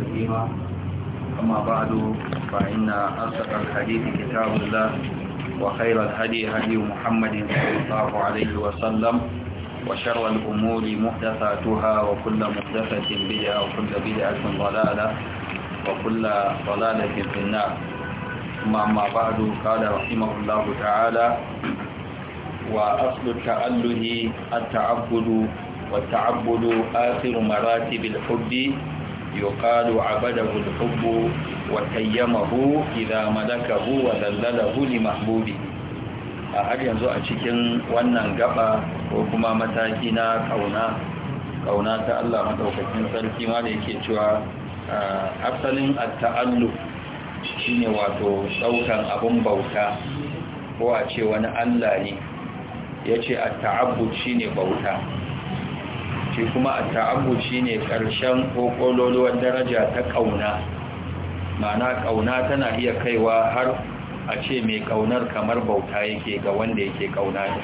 كثيرا أما بعد فإن أصدق الحديث كتاب الله وخير الهدي هدي محمد صلى الله عليه وسلم وشر الأمور محدثاتها وكل محدثة بدعة وكل بدعة ضلالة وكل ضلالة في النار ثم أما بعد قال رحمه الله تعالى وأصل التأله التعبد والتعبد آخر مراتب الحب يقال عبده الحب وتيمه إذا ملكه وذلله لمحبوبه a har yanzu a cikin wannan gaba ko kuma mataki na kauna kauna ta Allah madaukakin sarki ma da yake cewa asalin at-ta'alluq shine wato daukan abun bauta ko a ce wani Allah ne yace at-ta'abbud shine bauta shi kuma a ta'abu shi ne ƙarshen ƙoƙololuwar daraja ta ƙauna ma'ana ƙauna tana iya kaiwa har a ce mai ƙaunar kamar bauta yake ga wanda yake ƙauna ne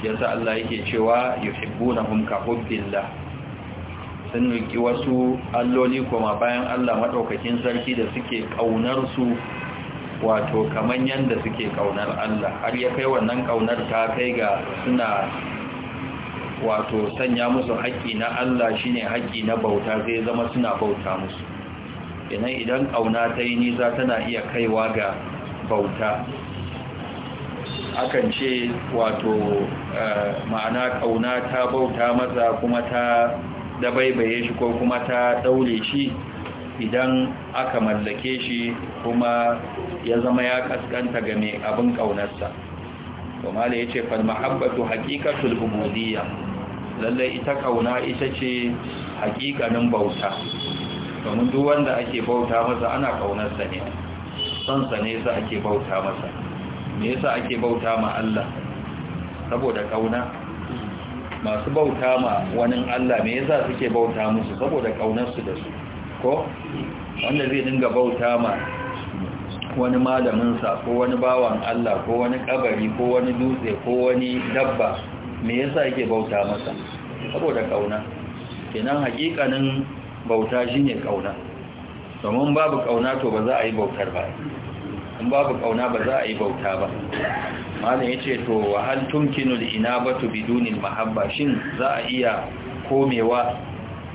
shi yasa Allah yake cewa yuhibbunahum ka hubbillah sun riki wasu alloli kuma bayan Allah madaukakin sarki da suke ƙaunar su wato kamar yadda suke ƙaunar Allah har ya kai wannan ƙaunar ta kai ga suna wato sanya musu haƙƙi na Allah shi ne haƙƙi na bauta zai zama suna bauta musu idan idan ƙauna ta yi nisa tana iya kaiwa ga bauta akan ce wato eh, ma'ana ƙauna ta bauta masa kuma ta dabaibaye shi ko kuma ta ɗaure shi idan aka mallake shi kuma ya zama ya kaskanta ga mai abin ƙaunarsa to ya yace fal mahabbatu haqiqatul ubudiyya lalle ita kauna ita ce haqiqanin bauta domin duk wanda ake bauta masa ana kaunar sa ne son sa ne yasa ake bauta masa me yasa ake bauta ma Allah saboda kauna masu bauta ma wani Allah me yasa suke bauta musu saboda kaunar su da su ko wanda zai dinga bauta ma wani malaminsa ko wani bawan Allah ko wani kabari ko wani dutse ko wani dabba me yasa yake bauta masa saboda kauna kenan hakikanin bauta shine kauna domin babu kauna to ba za a yi bautar ba in babu kauna ba za a yi bauta ba malam yace to wa hal tumkinu al-inabatu biduni mahabba shin za a iya komewa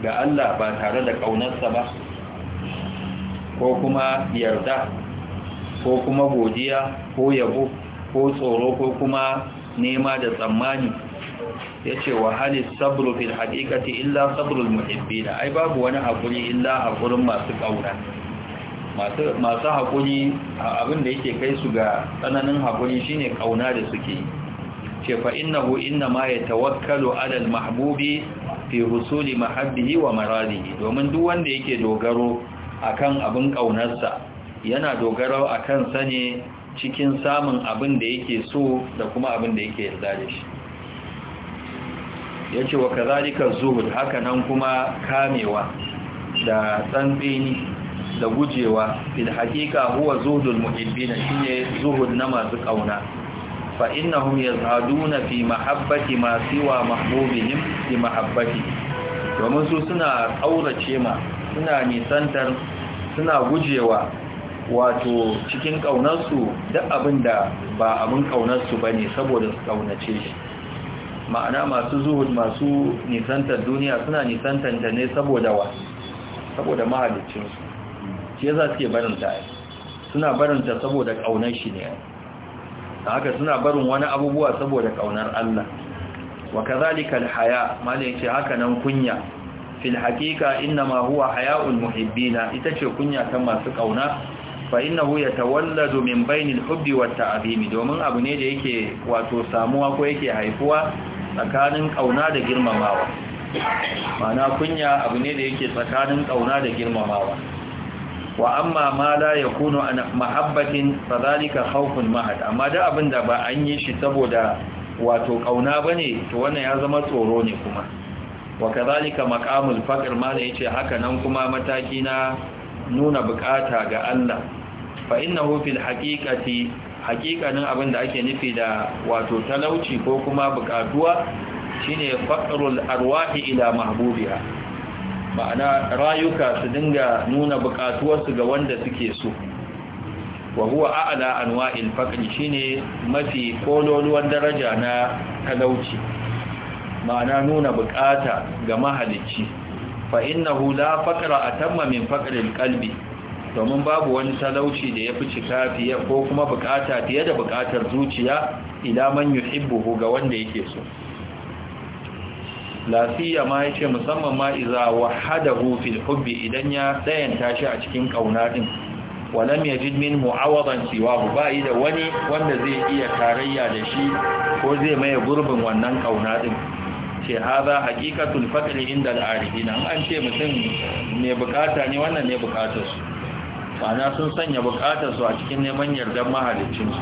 ga Allah ba tare da kaunarsa ba ko kuma yarda ko kuma godiya ko yabo ko tsoro ko kuma nema da tsammani ya ce wa halis sabru fil haƙiƙati illa sabrul muhibbina ai babu wani haƙuri illa haƙurin masu ƙauna masu haƙuri abin da yake kai su ga tsananin haƙuri shine ƙauna da suke yi ce fa innahu inna ma ya tawakkalu alal mahbubi fi husuli mahabbihi wa maradihi domin duk wanda yake dogaro akan abin ƙaunarsa yana dogaro a kan sani cikin samun abin da yake so da kuma abin da yake yarda da shi ya ce wa kazalika zuhud nan kuma kamewa da tsantsini da gujewa fil haƙiƙa huwa zuhudul muhibbina shine zuhud na masu ƙauna fa innahum yazhaduna fi mahabbati ma siwa mahbubihim fi mahabbati domin su suna aurace ma suna nisantar suna gujewa wato cikin ƙaunarsu duk abin da ba abin ƙaunarsu ba ne saboda su ƙaunace shi ma'ana masu zuhud masu nisantar duniya suna nisantar da ne saboda wa saboda mahalicinsu shi yasa suke barin ta suna barin ta saboda ƙaunar shi ne haka suna barin wani abubuwa saboda ƙaunar Allah wa kazalika alhaya malai ce haka nan kunya fil haqiqa inma huwa haya'ul muhibbina ita ce kunya ta masu kauna fa innahu yatawalladu min bainil hubbi wat ta'zimi domin abu ne da yake wato samuwa ko yake haifuwa tsakanin kauna da girmamawa mana kunya abu ne da yake tsakanin kauna da girmamawa wa amma ma la yakunu a mahabbatin fadhalika khawfun mahad amma da abin da ba an yi shi saboda wato kauna bane to wannan ya zama tsoro ne kuma wa kadhalika maqamul faqr ma yace haka nan kuma mataki na nuna bukata ga Allah fa innahu fil haqiqati haqiqanin abin da ake nufi da wato talauci ko kuma bukatuwa shine faqrul arwahi ila mahbubiha ma'ana rayuka su dinga nuna buƙatuwarsu ga wanda suke so wa huwa a'la anwa'il faqr shine mafi kololuwan daraja na talauci ma'ana nuna buƙata ga mahalicci fa innahu la faqra atamma min faqril qalbi domin babu wani talauci da ya fi cika fiye ko kuma bukata fiye da bukatar zuciya ila man yuhibbuhu ga wanda yake so lafiya ma yace musamman ma iza wahadahu fil hubbi idan ya tsayanta shi a cikin kauna din walam yajid min mu'awadan siwahu yi da wani wanda zai iya tarayya da shi ko zai maye gurbin wannan kauna din ce haza haqiqatul faqri inda al-arifin an ce mutum ne bukata ne wannan ne bukatar su ma'ana sun sanya bukatarsu a cikin neman yardar mahalicinsu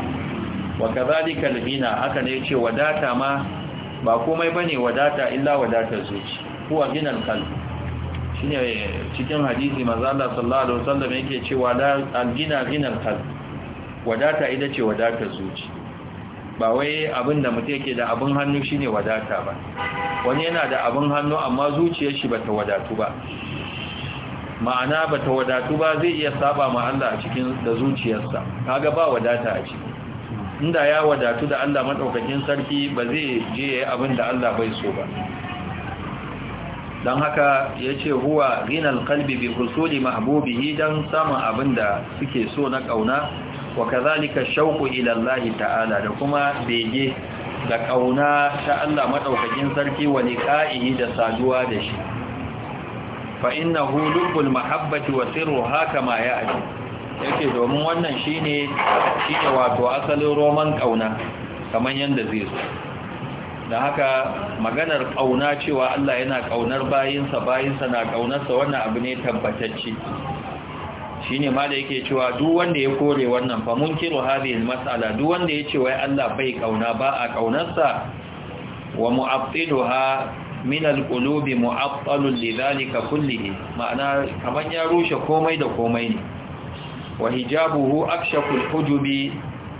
wa kazalika alghina haka ne yace wadata ma ba komai bane wadata illa wadatar zuci huwa ginal qalb shine cikin hadisi manzo Allah sallallahu alaihi wasallam yake cewa la alghina ginal kal. wadata ita ce wadatar zuci ba wai abin da mutum yake da abin hannu shine wadata ba wani yana da abin hannu amma zuciyar shi bata wadatu ba ma'ana ba ta wadatu ba zai iya saba ma Allah a cikin da zuciyarsa kaga ba wadata a ciki inda ya wadatu da Allah madaukakin sarki ba zai je yayi abin da Allah bai so ba don haka yace huwa rinal kalbi bi husuli mahbubihi dan samun abin da suke so na ƙauna wa kazalika shauku ilallahi ta'ala da kuma bege da ƙauna ta Allah maɗaukakin sarki wa liqa'ihi da saduwa da shi fa hulubul mahabbati wa sirruha kama ya'ti yake domin wannan shine wato asalin roman ƙauna kamar yadda zai zo da haka maganar ƙauna cewa Allah yana kaunar bayinsa bayinsa na ƙaunarsa wannan abu ne tabbatacce shine ma da yake cewa duk wanda ya kore wannan fa kiro hadhihi mas'ala duk wanda ya ce wai Allah bai ƙauna ba a ƙaunarsa wa ha? min alqulubi mu'attalun lidhalika kullihi ma'ana kaman ya rushe komai da komai ne wa hijabuhu afshakul hujubi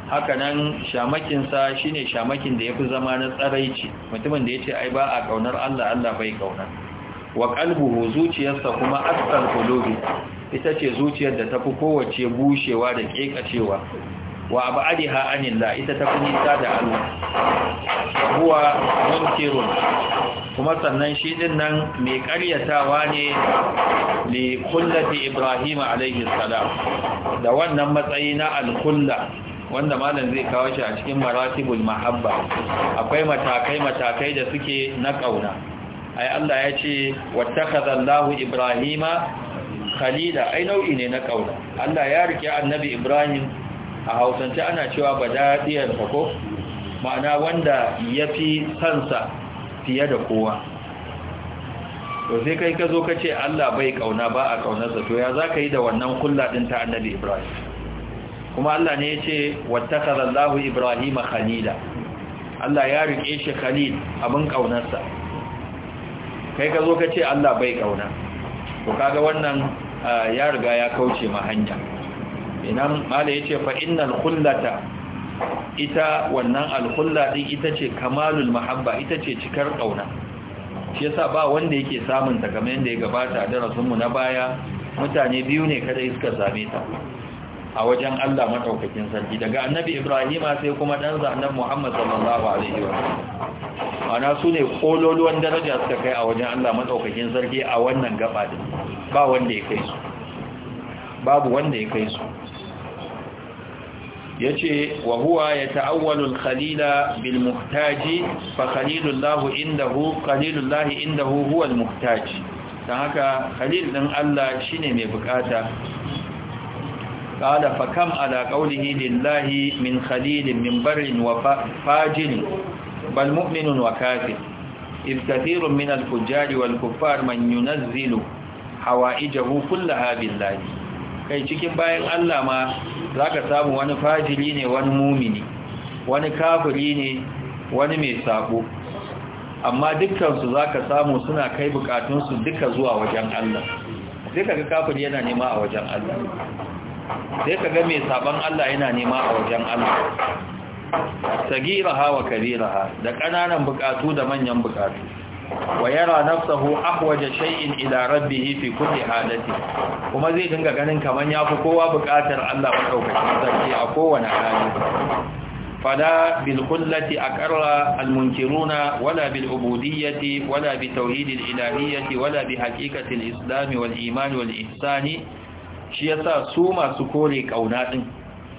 hakanan shamakin sa shine shamakin da yafi zama na tsaraici mutumin da yace ai ba a kaunar Allah Allah bai kauna wa qalbuhu zuciyarsa kuma akthar qulubi ita ce zuciyar da tafi kowace bushewa da kekacewa wa abadiha anillah ita ta fi nisa da Allah huwa munkirun kuma sannan shi din nan mai karyatawa ne li kullati ibrahim alaihi salam da wannan matsayi na al-kulla wanda malam zai kawo shi a cikin maratibul mahabba akwai matakai matakai da suke na kauna ai Allah ya ce wattakhadha Allahu ibrahima khalila ai nau'i ne na kauna Allah ya rike annabi ibrahim a hausance ana cewa ba daɗiyar ko ma'ana wanda ya fi sansa fiye da kowa to sai kai ka zo ka ce Allah bai kauna ba a kaunarsa to ya za ka yi da wannan kulla din ta annabi ibrahim kuma Allah ne ya ce wattakaza Allahu ibrahim khalila Allah ya rike shi khalil abin kaunarsa kai ka zo ka ce Allah bai kauna to kaga wannan ah, ya riga ya kauce ma hanya inan mala ya ce fa innal ita wannan alkhulla din ita ce kamalul mahabba ita ce cikar ƙauna shi yasa ba wanda yake samun ta kamar yanda ya gabata a darasin na baya mutane biyu ne kada suka same ta a wajen Allah madaukakin sarki daga annabi Ibrahim sai kuma dan annabi Muhammad sallallahu alaihi wasallam ana ne kololuwan daraja suka kai a wajen Allah madaukakin sarki a wannan gaba din ba wanda ya kai su babu wanda ya kai su yace wa huwa ya al-khalila bil muhtaji fa khalilullahu indahu khalilullahi indahu huwa al dan haka khalil din Allah shine mai bukata qala fa kam ala qawlihi lillahi min khalilin min barrin wa fajin bal mu'minun wa kafir إذ كثير من الفجار والكفار من ينزل حوائجه كلها بالله kai cikin bayan Allah ma za ka samu wani fajili ne wani mumini wani kafiri ne wani mai sabo amma dukkansu za ka samu suna kai bukatunsu duka zuwa wajen Allah sai ka ga kafuli yana nema a wajen Allah sai ka ga mai saban Allah yana nema a wajen Allah sagiraha wa ha da ƙananan bukatu da manyan bukatu wa yara nafsahu ahwaja shay'in ila rabbih fi kulli halati kuma zai dinga ganin kaman yafi kowa buƙatar Allah madaukakin sarki a kowane hali fala bil kullati aqarra al munkiruna wala bil ubudiyyati wala bi tauhid al ilahiyyati wala bi haqiqati al islam wal iman wal shi yasa su masu kore kauna din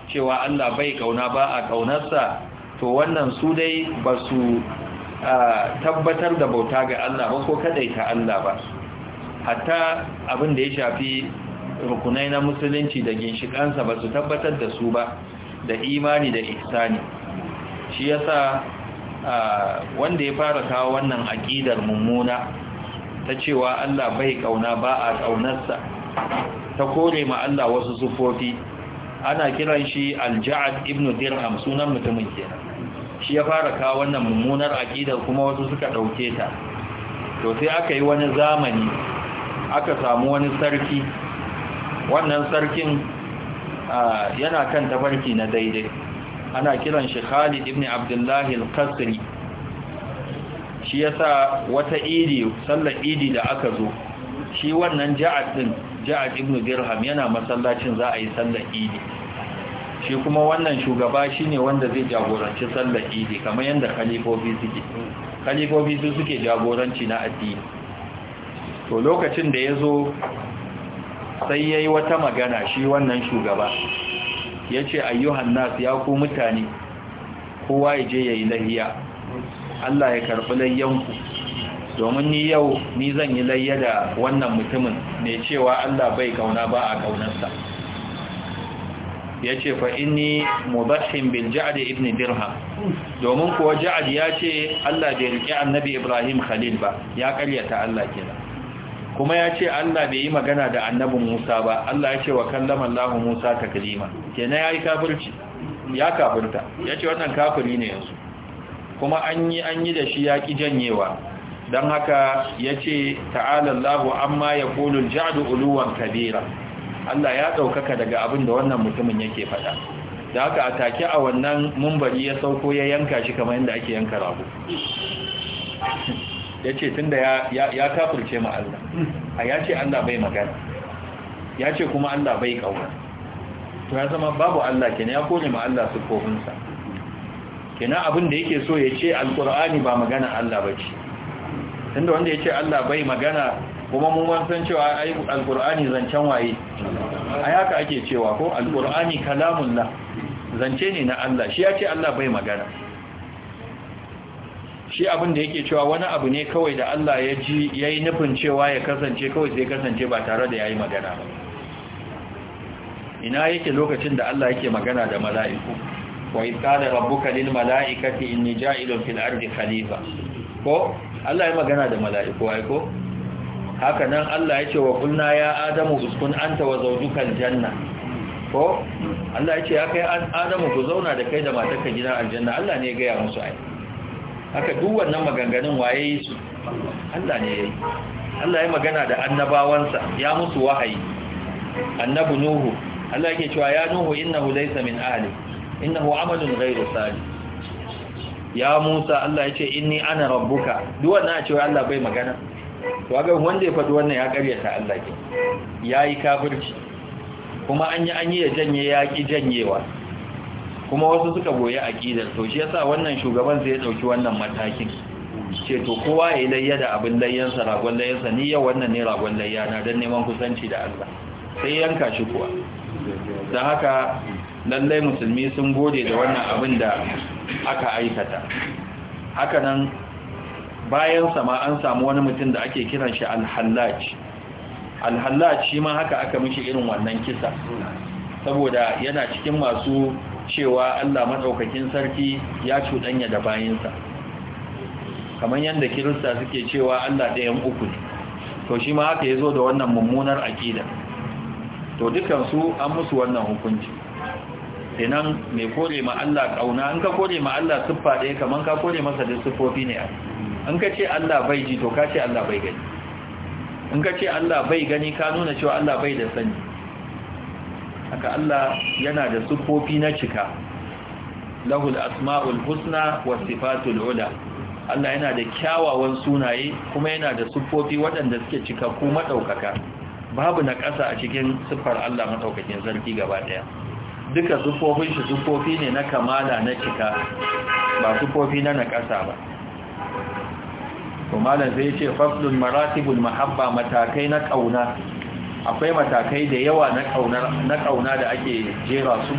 cewa Allah bai kauna ba a kaunarsa to wannan su dai basu a tabbatar da bauta ga Allah ba ko kadaita Allah ba hatta abin da ya shafi rukunai na musulunci da ginshikansa ba su tabbatar da su ba da imani da ihsani shi yasa wanda ya fara kawo wannan aqidar mummuna ta cewa Allah bai kauna ba a kaunarsa ta kore ma Allah wasu sufofi ana kiran shi al-Ja'ad ibn Dirham sunan mutumin kenan shi ya fara kawo wannan mummunar aƙidar kuma wasu suka ɗauke ta to sai aka yi wani zamani aka samu wani sarki wannan sarkin yana kan tafarki na daidai ana kiran shi khalid ibn abdullahi al qasri shi yasa wata idi sallar idi da aka zo shi wannan ja'ad din ja'ad ibn dirham yana masallacin za a yi sallar idi shi kuma wannan shugaba shine wanda zai jagoranci sallar idi kamar yadda khalifofi suke jagoranci na addini to lokacin da ya zo sai ya yi wata magana shi wannan shugaba ya ce ayyuhan nas ya ku mutane kowa ya je ya yi lahiya Allah ya karɓi layyanku domin ni yau ni zan yi layya da wannan mutumin mai cewa Allah bai kauna ba a kaunarsa ya ce fa inni mubashin bin ja'ad ibn dirham domin kuwa ja'ad ya ce Allah bai rike annabi Ibrahim Khalil ba ya karyata Allah kenan kuma ya ce Allah bai yi magana da annabi Musa ba Allah ya ce wa kallama Allah Musa taklima kenan yayi kafirci ya kafirta ya ce wannan kafiri ne yanzu kuma an yi an yi da shi ya ki janyewa Don haka ya ce ta'alallahu amma ya al Ja'adu uluwan kabira Allah ya ɗaukaka daga abin da wannan mutumin yake faɗa da haka a take a wannan mumbari ya sauko ya yanka shi kamar yadda ake yanka rago ya ce tun da ya kafurce ma Allah a ya ce Allah bai magana ya ce kuma Allah bai ƙauna to ya zama babu Allah kenan ya kone ma Allah su kofinsa kenan abin da yake so ya ce alkur'ani ba magana Allah ba ce Tun da wanda ya ce Allah bai magana kuma mun wancan cewa ai alqur'ani zancen waye ai haka ake cewa ko alqur'ani kalamullah zance ne na Allah shi yace Allah bai magana shi abin da yake cewa wani abu ne kawai da Allah ya ji yayi nufin cewa ya kasance kawai sai kasance ba tare da yayi magana ba ina yake lokacin da Allah yake magana da mala'iku wa idh rabbuka lil mala'ikati inni ja'ilun fil ardi khalifa ko Allah ya magana da mala'iku ai ko haka nan Allah ya ce wa kunna ya adamu uskun anta wa zawjukal janna ko Allah ya ce ya kai adamu ku zauna da kai da matarka gidan aljanna Allah ne ya gaya musu ai haka duk wannan maganganun waye su Allah ne ya yi Allah ya magana da annabawansa ya musu wahayi annabu nuhu Allah yake cewa ya nuhu innahu laysa min ahli innahu amalun ghayru salih ya musa Allah ya ce inni ana rabbuka duk wannan ya ce Allah bai magana to ga wanda ya faɗi wannan ya ƙaryata Allah ke yayi kafirci kuma an yi an yi ya janye ya ki janyewa kuma wasu suka goyi ƙidar to shi yasa wannan shugaban sai ya dauki wannan matakin ce to kowa ya layya da abin layyansa ragon layyansa ni yau wannan ne ragon layya na don neman kusanci da Allah sai yanka shi kuwa da haka lallai musulmi sun gode da wannan abin da aka aikata hakanan bayan sama an samu wani mutum da ake kiran shi alhallaj alhallaj shi ma haka aka mishi irin wannan kisa saboda yana cikin masu cewa Allah madaukakin sarki ya cuɗanya da bayinsa kamar yadda kirista suke cewa Allah ɗayan uku to shi ma haka ya da wannan mummunar akida to dukansu an musu wannan hukunci kenan mai kore ma Allah ƙauna an ka kore ma Allah siffa ɗaya kamar ka kore masa da siffofi ne a in ka ce Allah bai ji to ka ce Allah bai gani in ka ce Allah bai gani ka nuna cewa Allah bai da sani haka Allah yana da sufofi na cika lahul asma'ul husna was sifatul ula Allah yana da kyawawan sunaye kuma yana da sufofi waɗanda suke cika ku madaukaka babu na ƙasa a cikin siffar Allah madaukakin zarki gaba daya duka sufofin shi sufofi ne na kamala na cika ba sufofi na na ƙasa ba to malam sai ce faslul maratibul mahabba matakai na kauna akwai matakai da yawa na kauna na kauna da ake jera su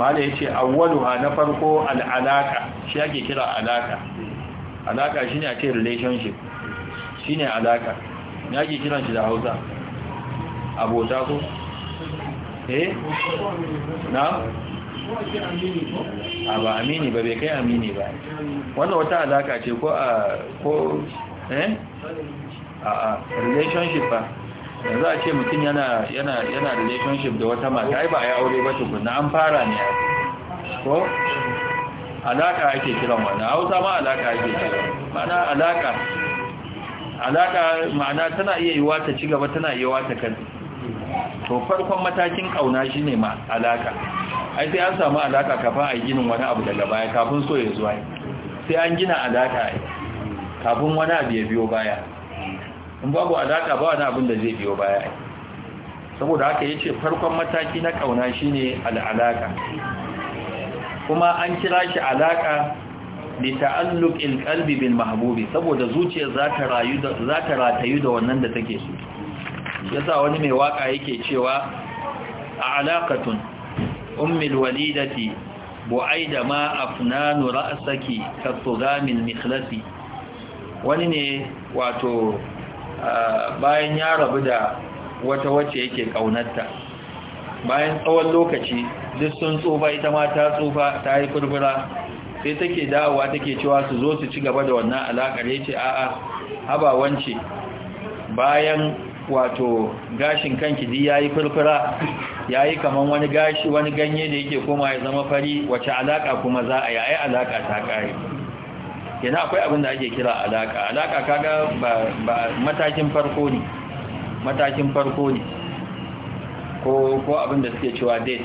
malam yace awwaluha na farko alaka shi ake kira alaka alaka shine ake relationship shine alaka ne ake kiran shi da Hausa abota ko eh na a ba amini ba bai kai amini ba wannan wata alaka ce ko a ko eh a relationship ba yanzu a ce mutum yana yana yana relationship da wata mata ai ba ya aure ba tukunna an fara ne ko alaka ake kiran wannan hausa ma alaka ake kiran ma'ana alaka alaka ma'ana tana iya yiwa ta ci gaba tana iya yiwa ta kanta to farkon matakin kauna shine ma alaka ai sai an samu alaka kafin a ginin wani abu daga baya kafin so ya zuwa sai an gina alaka kafin wani abu ya biyo baya in babu alaka ba wani abin da zai biyo baya saboda haka yace farkon mataki na kauna shine al'alaka kuma an kira shi alaka li ta'alluq alqalbi bil mahbubi saboda zuciya za ta rayu za ta ratayu da wannan da take so yasa wani mai waka yake cewa a alaƙatun ummil walidati bu'aida ma afnanu ra'saki kathugamin mikhlasi wani ne wato bayan ya rabu da wata wacce yake ƙaunarta. bayan tsawon lokaci duk sun tsufa ita ma ta tsufa ta yi kurbura sai take dawowa take cewa su zo su ci gaba da wannan alaƙar ya ce a'a haba wance bayan wato gashin kanki ji yayi furfura yayi kaman wani gashi wani ganye da yake koma ya zama fari wace alaka kuma za a yi ai alaka ta kare yana akwai abin da ake kira alaka alaka kaga ba, matakin farko ne matakin farko ne ko ko abin da suke cewa date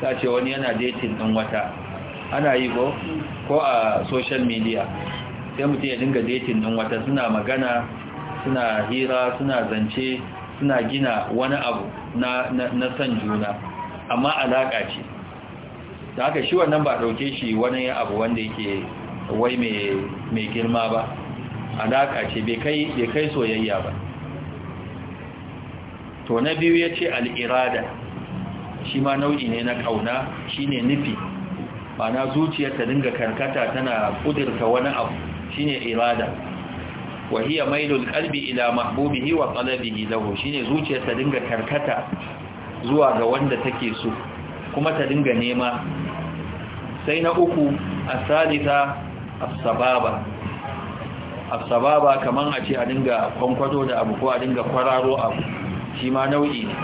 ta ce wani yana dating din wata ana yi ko ko a social media sai mutum ya dinga dating din wata suna magana suna hira suna zance suna gina wani abu na san juna amma alaƙa ce da haka shi wannan ba ɗauke shi wani abu wanda yake wai mai girma ba alaƙa ce bai kai soyayya ba to na biyu ya ce al'irada shi ma nau'i ne na ƙauna shi ne nufi mana zuciyar ta dinga karkata tana ƙudurta wani abu shi ne irada wa hiya mailul qalbi ila mahbubihi wa talabihi lahu shine zuciyar ta dinga karkata zuwa ga wanda take so kuma ta dinga nema sai na uku asalita as-sababa sababa kaman a ce a dinga kwankwato da abu ko a dinga kwararo abu shi ma nau'i ne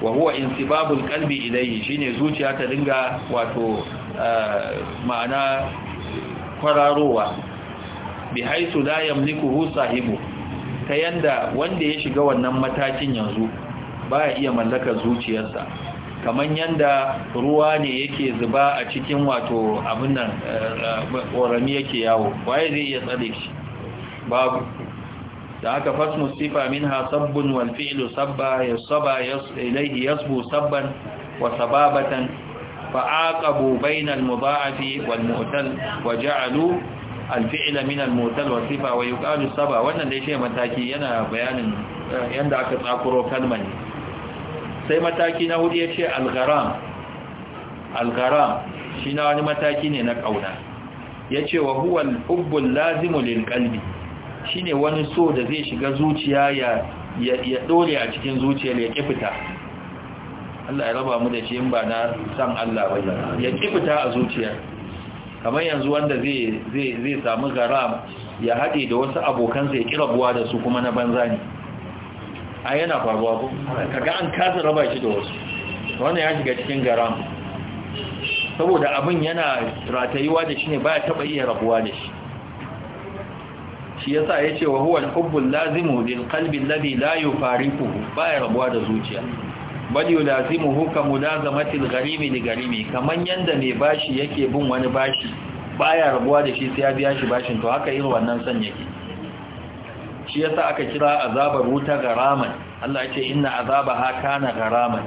wa huwa insibabul qalbi ilayhi shine zuciya ta dinga wato eh, ma'ana kwararowa bi haitu la yamlikuhu sahibu ta yanda wanda ya shiga wannan matakin yanzu baya iya mallakar zuciyarsa kaman yanda ruwa ne yake zuba a cikin wato abin nan eh, eh, ƙorami yake yawo waye zai iya tsare shi babu da aka fasmu sifa minha sabbun wal fi'lu sabba yasaba ilayhi yasbu sabban wa sababatan aqabu bainal mudha'afi wal mu'tal wa ja'alu alfi'ila min Motal mutal wa sifa saba wannan dai shi mataki yana bayanin yanda aka tsakuro kalmar ne sai mataki na hudu yace al-gharam al-gharam shi na wani mataki ne na kauna yace wa huwa al-hubbu al-lazimu lil qalbi shine wani so da zai shiga zuciya ya ya a cikin zuciyar ya kifita Allah ya raba mu da shi in ba na san Allah ba ya kifita a zuciyar kamar yanzu wanda zai samu garam ya haɗe da wasu abokansa ya kira buwa da su kuma na banza ne a yana faruwa ko kaga an kasa raba shi da wasu wannan ya shiga cikin garam saboda abin yana ratayuwa da shi ne ba ya taɓa iya rabuwa da shi shi yasa ya ce wa huwa al-hubbul lazimu lil qalbi alladhi la yufariquhu ba ya rabuwa da zuciya bal yulazimuhu ka mulazamatil Garimi li Garimi kaman yanda mai bashi yake bin wani bashi baya rabuwa da shi sai ya biya shi bashin to haka irin wannan san yake shi yasa aka kira azabar wuta garaman Allah ya ce inna azabaha kana garaman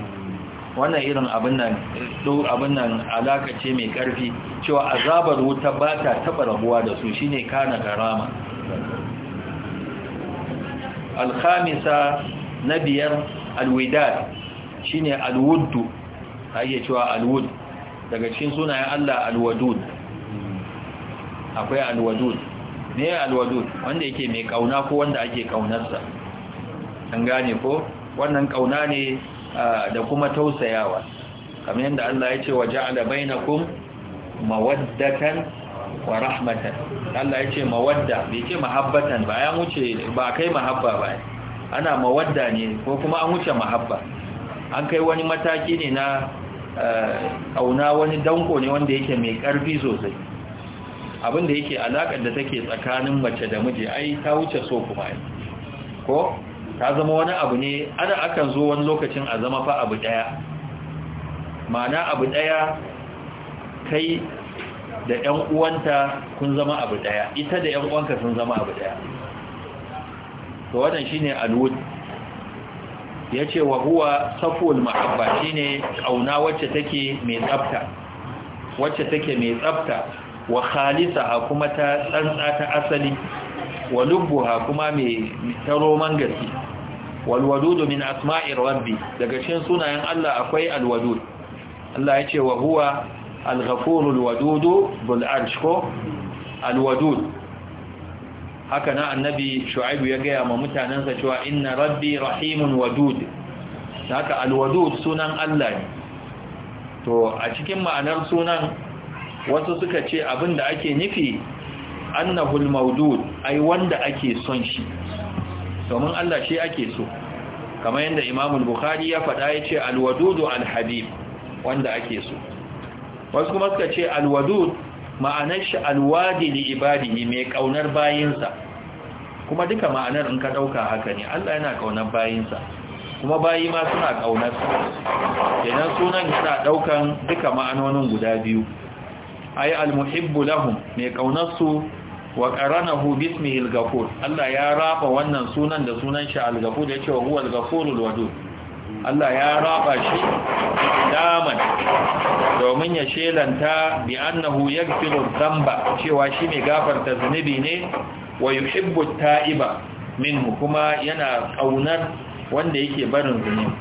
wannan irin abin nan do abin nan alaka ce mai karfi cewa azabar wuta ba ta taba rabuwa da su shine kana garama al-khamisa na biyar al-widad shine alwuddu ake cewa alwud daga cikin sunayen Allah alwadud akwai alwadud ne alwadud wanda yake mai kauna ko wanda ake kaunarsa an gane ko wannan kauna ne da kuma tausayawa kamar yadda Allah ya ce wa ja'ala bainakum mawaddatan wa rahmatan Allah ya ce mawadda bai ce mahabbatan ba ya wuce ba kai mahabba ba ana mawadda ne ko kuma an wuce mahabba an kai wani mataki ne na eh, auna wani danko ne wanda yake mai karfi sosai abin da yake alakar da take tsakanin mace da miji ai ta wuce so kuma ai ko ta zama wani abu ne ana akan zo wani lokacin a zama fa abu ɗaya ma'ana abu ɗaya kai da ‘yan uwanta kun zama abu ɗaya ita da ‘yan uwanka sun zama abu ɗaya to wannan shine alwud ya ce wa huwa saful mahabba ne ƙauna wacce take mai tsafta wacce take mai tsafta wa ha kuma ta tsantsa ta asali wa ha kuma mai taroman gaske walwadudu min asma'i rabbi daga cikin sunayen Allah akwai alwadud Allah ya ce wa huwa alghafurul wadudu bil arsh alwadud haka na annabi shu'aibu ya gaya ma mutanensa cewa inna rabbi rahimun wadud haka alwadud sunan Allah ne to a cikin ma'anar sunan wasu suka ce abin da ake nufi annahu almawdud ai wanda ake son shi domin Allah shi ake so kamar yadda Imam Bukhari ya faɗa yace alwadud alhabib wanda ake so wasu kuma suka ce alwadud ma'anar shi alwadi li ibadihi mai kaunar bayinsa kuma duka ma'anar in ka ɗauka haka ne Allah yana ƙaunar bayinsa kuma bayi ma suna ƙaunar su kenan sunan yana ɗaukan duka ma'anonin guda biyu ay almuhibbu lahum mai ƙaunar su wa qaranahu bismihi al-ghafur Allah ya raba wannan sunan da sunan shi al-ghafur yace wa huwa al-ghafurul wadud Allah ya raba shi daman domin ya shelanta bi annahu yaghfiru dhanba cewa shi mai gafarta zunubi ne wa yuhibbu ta'iba minhu kuma yana kaunar wanda yake barin zunubi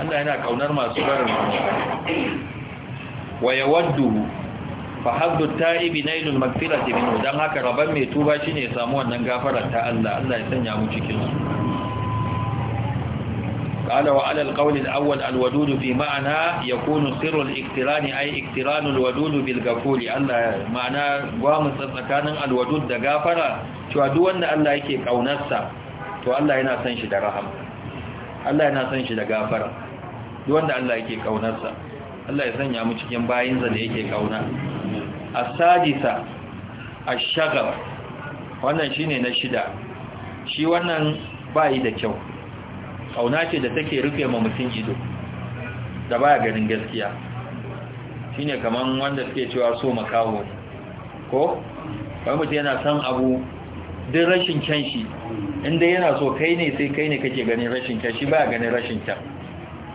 Allah yana kaunar masu barin zunubi wa yawaddu fa haddu ta'ibi nailul magfirati minhu dan haka rabban mai tuba shine ya samu wannan gafarar ta Allah Allah ya sanya mu cikin su قال وعلى القول الأول الودود في معنى يكون سر الاقتران أي اقتران الودود بالغفور الله معنى قام سكان الودود ده غفرة شو دو أن الله يكي قونسا تو الله ينا سن شي ده رحم الله ينا سن شي ده غفرة دو أن الله يكي قونسا الله يسنيا mu cikin bayinsa da yake kauna as-sadisa ash-shaghab wannan shine na shida shi wannan bai da kyau kauna ce da take rufe ma mutum ido da baya ganin gaskiya shine kaman wanda suke cewa so makawo ko ba mutum yana son abu din rashin kyan shi inda yana so kai ne sai kai ne kake ganin rashin kyan shi baya ganin rashin kyan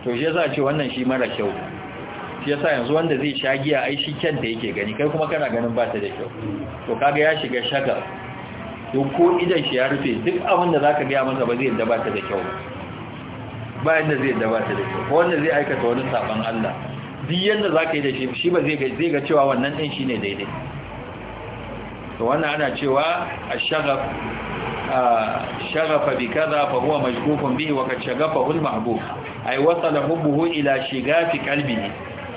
to shi yasa ce wannan shi mara kyau shi yasa yanzu wanda zai sha giya ai shi kyan da yake gani kai kuma kana ganin ba ta da kyau to kaga ya shiga shagar Duk ko idan shi ya rufe duk abin da zaka ga masa ba zai yadda ba ta da kyau bayan da zai dabata da shi wanda zai aikata wani sabon Allah duk yanda za yi da shi shi ba zai ga cewa wannan ɗin shi ne daidai to wannan ana cewa a shagaf shagafa bi kaza fa huwa majkufun bihi wa kad shagafa hul mahbub ila shigafi qalbihi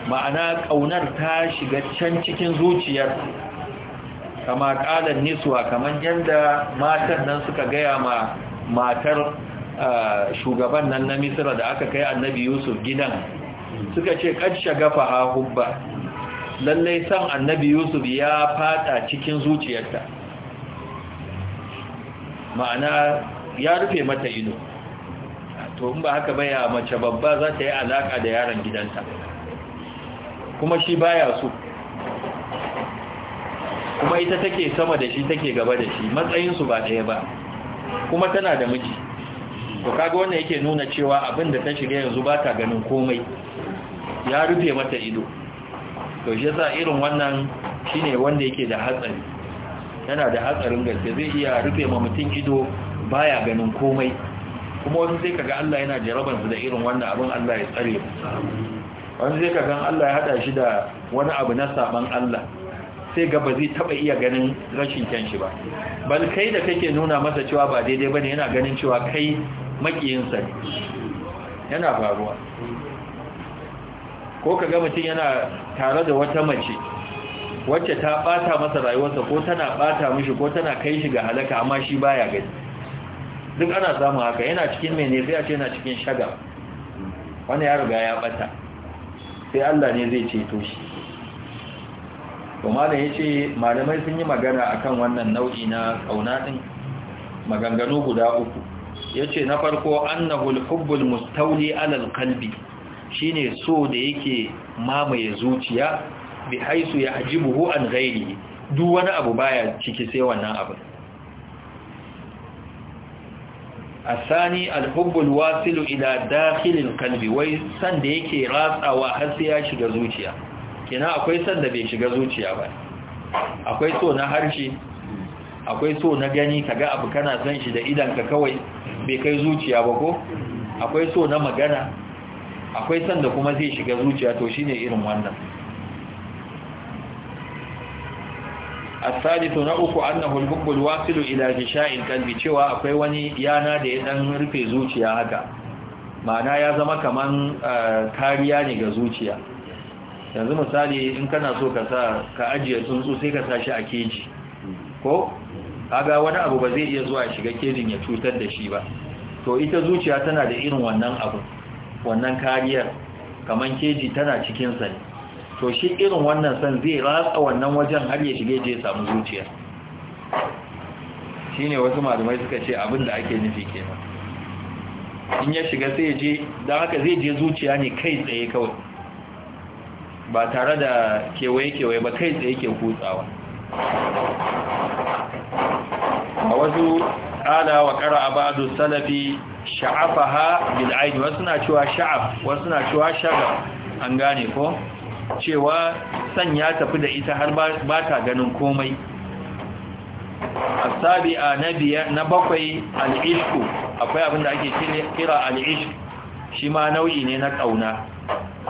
ma'ana kaunar ta shiga can cikin zuciyar kama kalan niswa kamar yadda matan nan suka gaya ma matar shugaban nan na misira da aka kai annabi yusuf gidan suka ce kad shagafa ha hubba lallai san annabi yusuf ya fada cikin zuciyarta ma'ana ya rufe mata ido to in ba haka baya mace babba za ta yi alaka da yaron gidanta kuma shi baya so kuma ita take sama da shi take gaba da shi matsayinsu ba ɗaya ba kuma tana da miji to kaga wannan yake nuna cewa abin da ta shiga yanzu ba ta ganin komai ya rufe mata ido to shi yasa irin wannan shine wanda yake da hatsari yana da hatsarin gaske zai iya rufe ma mutum ido baya ganin komai kuma wani zai kaga Allah yana jaraban su da irin wannan abin Allah ya tsare wani zai kaga Allah ya hada shi da wani abu na saban Allah sai ga ba zai taba iya ganin rashin kyan shi ba bal kai da kake nuna masa cewa ba daidai bane yana ganin cewa kai makiyinsa ne yana faruwa ko ka ga mutum yana tare da wata mace wacce ta bata masa rayuwarsa ko tana bata mishi ko tana kai shi ga halaka amma shi baya gani duk ana samun haka yana cikin mai sai a ce yana cikin shaga wani ya riga ya bata sai Allah ne zai ceto shi kuma da yace malamai sun yi magana akan wannan nau'i na kauna din maganganu guda uku Ya ce na farko Annahul hubbul mustauli alal kalbi shi shine so da yake mamaye zuciya bi haisu buhu an ghairi duk wani abu baya ciki sai wannan abu A Sani alhubbul wasilu ila dakilin kalbi wai sanda da yake ratsawa har sai ya shiga zuciya kina akwai san bai shiga zuciya ba akwai so na harshe akwai so na gani kaga abu kana san shi da idan ka kawai bai kai zuciya ba ko akwai so na magana akwai san da kuma zai shiga zuciya to shine irin wannan الثالث na uku الحب الواصل إلى غشاء qalbi cewa akwai wani yana da ya dan rufe zuciya haka ma'ana ya zama kaman eh, kariya ne ga zuciya yanzu misali in kana so ka sa ka ajiye tsuntsu sai ka sa shi a keji ko kaga wani abu ba zai iya zuwa shiga kejin ya cutar da shi ba to ita zuciya tana da irin wannan abu wannan kariyar kaman keji tana cikin sa ne to shi irin wannan san zai ratsa wannan wajen har ya shige je samu zuciya shine wasu malamai suka ce abin da ake nufi kenan in ya shiga sai je dan haka zai je zuciya ne kai tsaye kawai ba tare da kewaye-kewaye ba kai tsaye ke kutsawa a wasu ala wa ƙara ba'adu salafi sha'afaha bil aid wasu na cewa sha'af wasu na cewa shagaf an gane ko cewa san ya tafi da ita har ba ta ganin komai A na biya na bakwai al'ishku akwai abinda ake kira al'ishku shi ma nau'i ne na ƙauna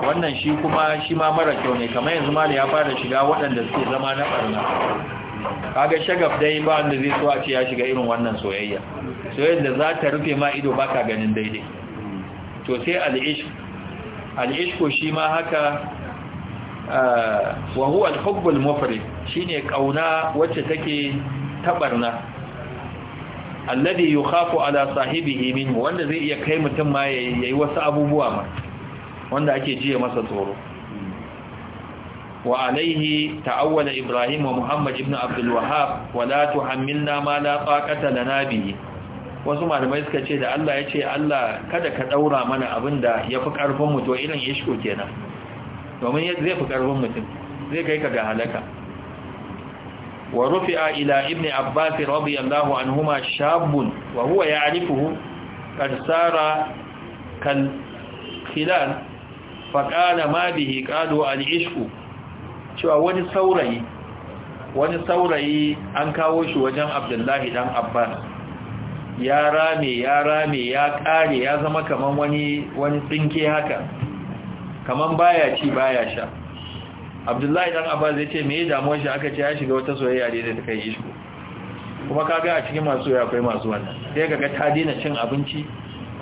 wannan shi kuma shi ma mara kyau ne kamar yanzu ma ya fara shiga waɗanda suke zama na ɓarna kaga shagaf dai ba wanda zai so a ce ya shiga irin wannan soyayya soyayya da za ta rufe ma ido baka ganin daidai to sai al'ish ko shi ma haka ah, wa huwa al-hubbul mufrid shine kauna wacce take tabarna alladhi yukhafu ala sahibihi min wanda zai iya kai mutum ma yayi wasu abubuwa ma wanda ake jiye masa tsoro wa alaihi ta'awwala ibrahim wa muhammad ibn abdul wahhab wa la tuhammilna ma la taqata lana bihi wasu malamai suka ce da Allah ya ce Allah kada ka daura mana abin da ya fi karfin mu to irin yashko kenan domin zai fi karfin mutum zai kai ka ga halaka wa rufi'a ila ibn abbas radiyallahu anhuma shabun wa huwa ya'rifuhu kad sara kan khilal faƙala ma bihi ƙado al'ishku cewa wani saurayi wani saurayi an kawo shi wajen abdullahi dan abbas ya rame ya rame ya ƙare ya zama kaman wani wani tsinke haka kaman baya ci baya sha abdullahi dan abbas ya ce me ya damuwa shi aka ce ya shiga wata soyayya da ta kai ishku kuma kaga a cikin masu ya akwai masu wannan sai kaga ta daina cin abinci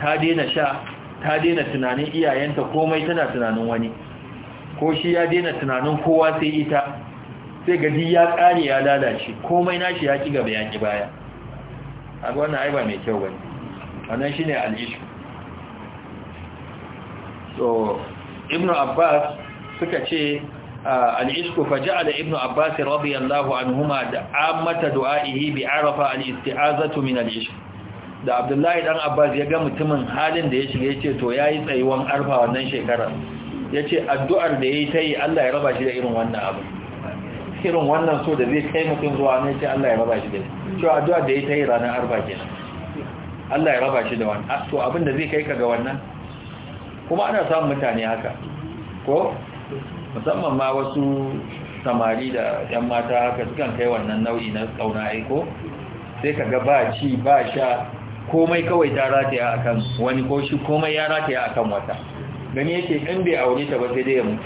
ta daina sha ta daina tunanin iyayenta komai tana tunanin wani ko shi ya daina tunanin kowa sai ita sai gadi ya ƙare ya lalace komai nashi ya ƙi gaba ya ƙi baya a wannan aiba mai kyau wani wannan shi ne al'ishu so ibn abbas suka ce al'isku faja'ala ibn abbas radiyallahu anhuma da amata du'a'ihi bi arafa al-isti'azatu min al'ishu da abdullahi dan abbas ya ga mutumin halin da ya shiga ya ce to ya yi tsayuwan arfa wannan shekarar ya ce addu'ar da ya yi ta yi allah ya raba shi da irin wannan abu irin wannan so da zai kai mutum zuwa ne ce allah ya raba shi da shi addu'ar da ya ta yi ranar arfa ke allah ya raba shi da wannan ah, to abin da zai kai ka ga wannan kuma ana samun mutane haka ko musamman ma wasu samari da yan mata haka sukan kai wannan nau'i na tsauna aiko sai ka ga ba ci ba sha komai kawai ta rataya a kan wani ko shi komai ya rataya a kan wata gani yake in bai aure ta ba sai dai ya mutu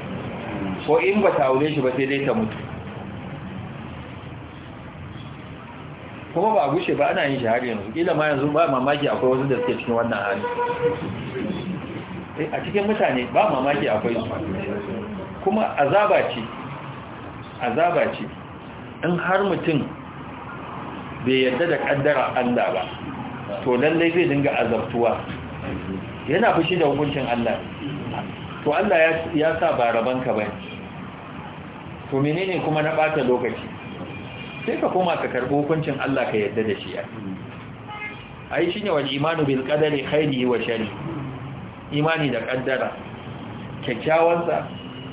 ko in ba ta aure shi ba sai dai ta mutu kuma ba a gushe ba ana yin shi har yanzu kila ma yanzu ba mamaki akwai wasu da suke cikin wannan hali eh, a cikin mutane ba mamaki akwai su kuma azaba ce azaba ce in har mutum bai yarda da kaddara Allah ba to lallai zai dinga azabtuwa yana fushi da hukuncin Allah to Allah ya sa ba ka ba to menene kuma na bata lokaci sai ka koma ka karbi hukuncin Allah ka yadda da shi ai shine wal imanu bil qadari khairi wa shari imani da kaddara kyakkyawansa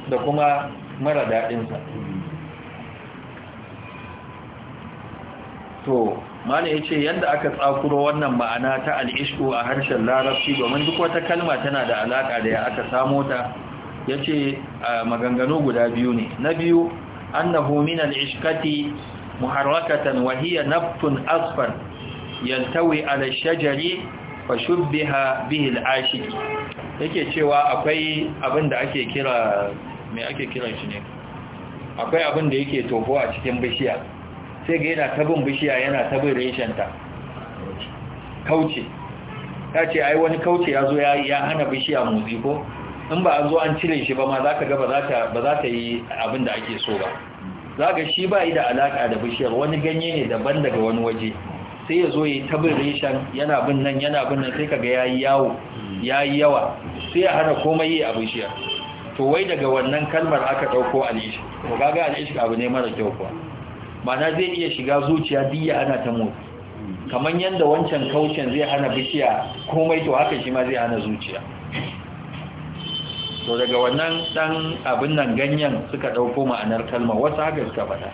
da kuma mara dadin sa to ya yace yadda aka tsakuro wannan ma'ana ta al a harshen larabci domin duk wata kalma tana da alaka da ya aka samo ta yace maganganu guda biyu ne na biyu annahu min al-ishqati muharrakatan wa hiya naftun asfar yantawi ala shajari fa shubbiha bihi al yake cewa akwai abin da ake kira me ake kiran shi ne akwai abin da yake tofo a cikin bishiya sai ga yana bin bishiya yana reshenta kauce ta ce ai wani kauce ya zo ya hana bishiya motsi ko in ba a zo an cire shi ba ma za ka ga ba za ta yi abin da ake so ba za ga shi ba yi da alaka da bishiyar wani ganye ne daban daga wani waje sai ya zo ya yi tabin reshen yana bin nan yana bin nan sai ka ga ya yi yawo ya yawa sai ya hana komai yi a bishiyar to wai daga wannan kalmar aka ɗauko alishi ga ga alishi abu ne mara kyau kuwa mana zai iya shiga zuciya biya ana ta motsi kamar yadda wancan kaucin zai hana bishiya komai to haka shi ma zai hana zuciya to daga wannan dan abin nan ganyen suka dauko ma'anar kalma wasu haka suka faɗa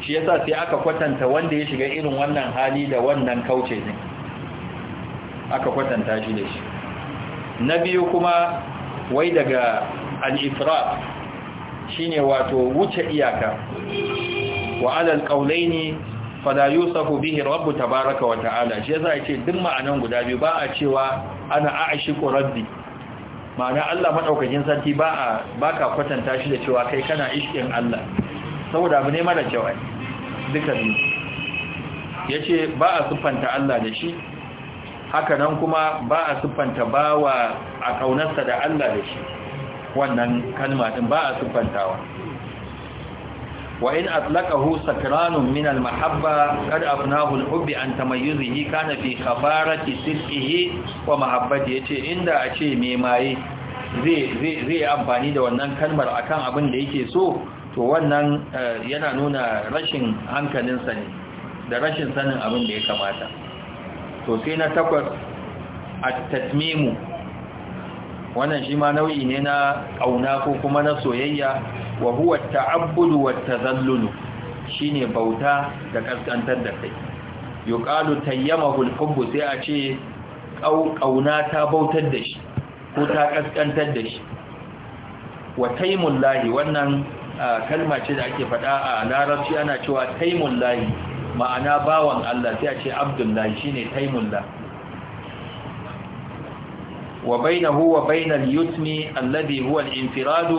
shi yasa sai aka kwatanta wanda ya shiga irin wannan hali da wannan kauce ne aka kwatanta shi da shi na biyu kuma wai daga al-ifrat shine wato wuce iyaka wa alal ne fala yusafu bihi rabbu tabaraka wa ta'ala shi yasa yace duk ma'anan guda biyu ba a cewa ana ko rabbi ma'ana Allah madaukakin sarki ba a baka kwatanta shi da cewa kai kana iskin Allah saboda abu ne mara kyau ai duka biyu yace ba a siffanta Allah da shi haka nan kuma ba a siffanta bawa a kaunarsa da Allah da shi wannan kalma din ba a siffantawa وإن أطلقه سكران من المحبة قد أفناه الحب عن تميزه كان في خفارة سلئه ومحبته يتي عند أشي ميماي zai zai zai amfani da wannan kalmar akan abin da yake so to wannan yana nuna rashin hankalinsa ne da rashin sanin abin da ya kamata to sai na takwas a tatmimu wannan shi ma nau'i ne na ƙauna ko kuma na soyayya wa huwa ta'abbudu wa tazallulu shine bauta da kaskantar da kai yuqalu tayyamahu hubbu sai a ce ƙauna ta bautar da shi ko ta kaskantar da shi wa lahi wannan kalma ce da ake faɗa a larabci ana cewa taimullahi ma'ana bawan Allah sai a ce abdullahi shine lahi. وبينه وبين اليتم الذي هو الانفراد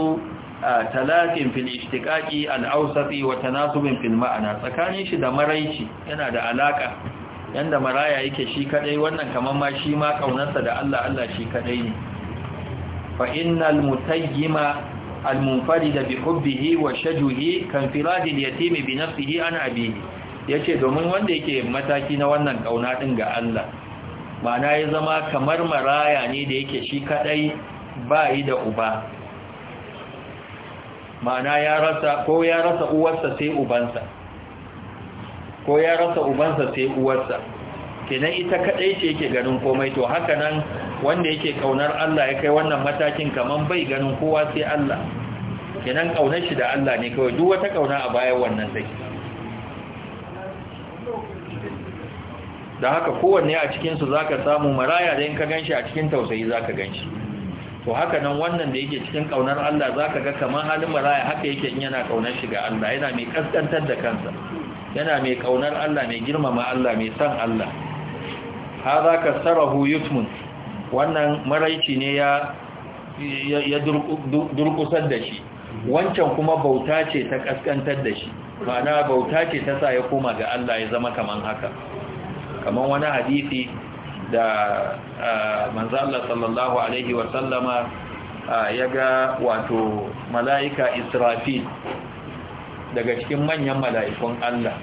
تلاق في الاشتقاق الأوسط وتناسب في المعنى tsakanin shi da maraici yana da alaka yanda maraya yake shi kadai wannan kaman ma shi ma kaunarsa da Allah Allah shi kadai ne fa innal mutayyima al munfarida bi hubbihi wa shajuhi kan firadi al yatim bi nafsihi an abihi yace domin wanda yake mataki na wannan kauna din ga Allah ma'ana ya zama kamar maraya ne da yake shi kadai ba yi da uba ma'ana ya rasa ko ya rasa uwarsa sai ubansa ko ya rasa ubansa sai uwarsa kenan ita kadai ce yake ganin komai to haka nan wanda yake kaunar Allah ya kai wannan matakin kaman bai ganin kowa sai Allah kenan kaunar shi da Allah ne kawai duk wata kauna a bayan wannan take da haka kowanne a cikinsu za ka samu maraya da in ka ganshi a cikin tausayi za ka ganshi to haka nan wannan da yake cikin ƙaunar Allah za ka ga kamar halin maraya haka yake in yana ƙaunar shi ga Allah yana mai ƙasƙantar da kansa yana mai ƙaunar Allah mai girmama Allah mai san Allah ha za ka sarahu yutmun wannan maraici ne ya ya durƙusar da shi wancan kuma bauta ce ta ƙasƙantar da shi ma'ana bauta ce ta sa ya koma ga Allah ya zama kaman haka kamar wani hadisi da manzo Allah sallallahu alaihi wa sallama ya ga wato mala'ika Israfil daga cikin manyan mala'ikun Allah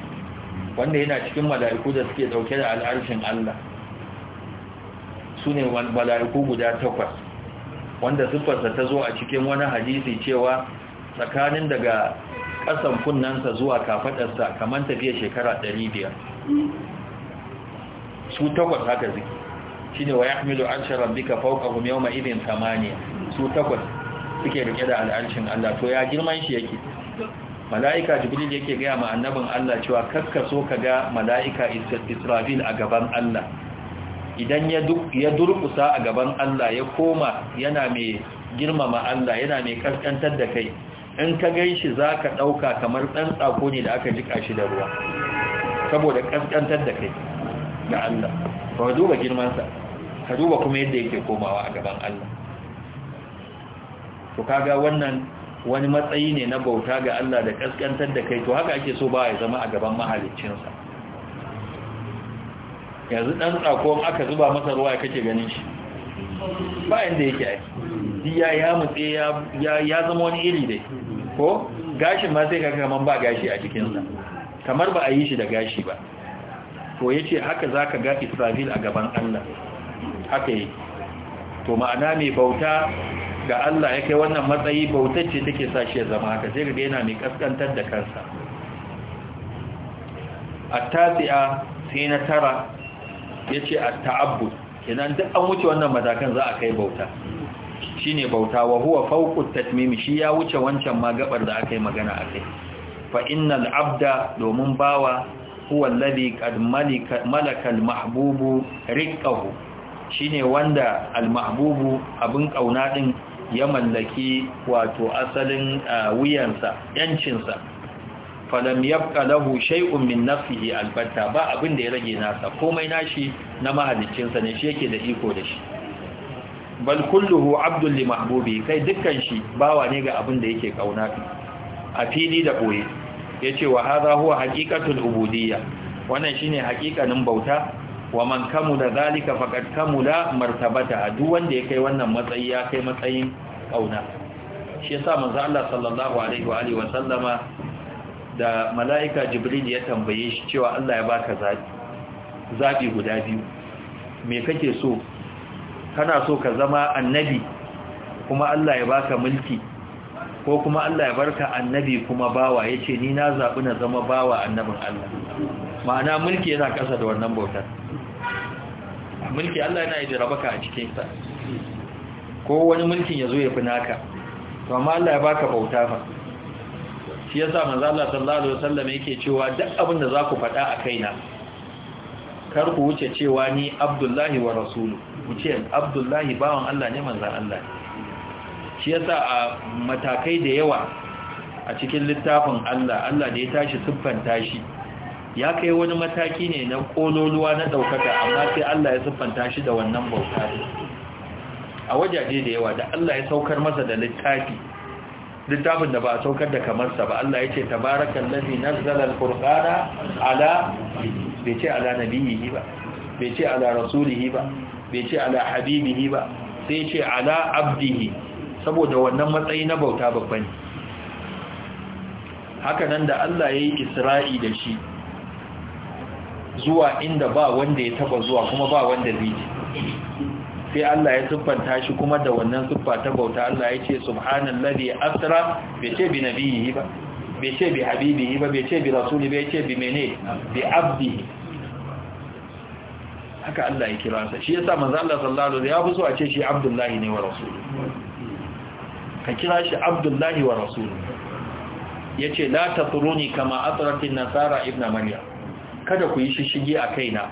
wanda yana cikin mala'iku da suke dauke da al'arshin Allah sune mala'iku guda takwas wanda siffarsa ta zo a cikin wani hadisi cewa tsakanin daga ƙasan kunnansa zuwa kafaɗarsa kamar tafiya shekara biyar. su takwas haka ziki ne wa yahmilu arsha rabbika yau mai idhin samaniya. su takwas suke rike da al'arshin Allah to ya girman shi yake mala'ika jibril yake gaya ma annabin Allah cewa kakka so ka ga mala'ika Israfil a gaban Allah idan ya durkusa a gaban Allah ya koma yana mai girmama Allah yana mai kaskantar da kai in ka gan shi za ka ɗauka kamar ɗan tsako ne da aka jika shi da ruwa saboda kaskantar da kai ga Allah ba duba girmansa ka duba kuma yadda yake komawa a gaban Allah to kaga wannan wani matsayi ne na bauta ga Allah da kaskantar da kai to haka ake so ba ya zama a gaban mahaliccinsa yanzu dan tsakon aka zuba masa ruwa kake ganin shi ba inda yake aiki ya ya mutse ya ya zama wani iri dai ko gashin ma sai kaga kama ba gashi a jikinsa kamar ba a yi shi da gashi ba to ya ce haka za ka ga Israfil a gaban Allah haka yi to ma'ana mai bauta ga Allah ya kai wannan matsayi bautar ce take sa shi ya zama haka sai ga yana mai kaskantar da kansa A tatsiya sai na tara yace a taabbud kenan duk an wuce wannan matakan za a kai bauta shine bauta wa huwa fauƙun tatmimi shi ya wuce wancan magabar da aka yi magana akai kai. innal abda domin bawa huwa alladhi qad malaka al riqqahu shine wanda al-mahbubu abin kauna din ya mallaki wato asalin ah, wuyansa yancinsa falam yabqa lahu shay'un min nafsihi albatta ba abin da ya rage nasa komai nashi na mahaliccinsa ne shi yake da iko da shi bal kulluhu abdul li kai dukkan shi bawa ne ga abin da yake kauna a fili da boye Ya ce, wa haza huwa haƙiƙatul ubudiyya wannan shine haƙiƙanin bauta wa man kamula zalika faqad kamula martabata duk wanda ya kai wannan matsayi ya kai matsayin kauna shi yasa manzo Allah sallallahu alaihi wa alihi wa da malaika jibril ya tambaye shi cewa Allah ya baka zabi zabi guda biyu me kake so kana so ka zama annabi kuma Allah ya baka mulki ko kuma Allah ya barka annabi kuma bawa ya ce ni na zaɓi na zama bawa annabin Allah ma'ana mulki yana ƙasa da wannan bautar mulki Allah yana yi rabaka a cikinsa ko wani mulkin ya zo ya fi naka to amma Allah ya baka bauta fa shi yasa manzo Allah sallallahu alaihi wasallam yake cewa duk abin da ku faɗa a kaina kar ku wuce cewa ni Abdullahi wa rasulu ku ce Abdullahi bawan Allah ne manzo Allah ne shi yasa a matakai da yawa a cikin littafin Allah Allah da ya tashi siffanta shi ya kai wani mataki ne na kololuwa na daukaka amma sai Allah ya siffanta shi da wannan bauta a wajaje da yawa da Allah ya saukar masa da littafi littafin da ba a saukar da kamarsa ba Allah ya ce tabarakan lafi nazzala al ala bai ce ala nabiyihi ba bai ce ala rasulihi ba bai ce ala habibihi ba sai ce ala abdihi saboda wannan matsayi na bauta babba ne haka nan da Allah ya yi isra'i da shi zuwa inda ba wanda ya taba zuwa kuma ba wanda zai sai Allah ya siffanta shi kuma da wannan siffa ta bauta Allah ya ce subhanallazi asra bai ce bi nabiyihi ba bai ce bi habibi ba bai ce bi rasuli bai ce bi mene bi abdi haka Allah ya kira sa shi yasa manzo Allah sallallahu alaihi wasallam ya fi so a ce shi abdullahi ne wa rasuli ka kira shi abdullahi wa rasulu ya ce la ta kama asirafin nasara ibn mariya kada ku yi shishigi a kaina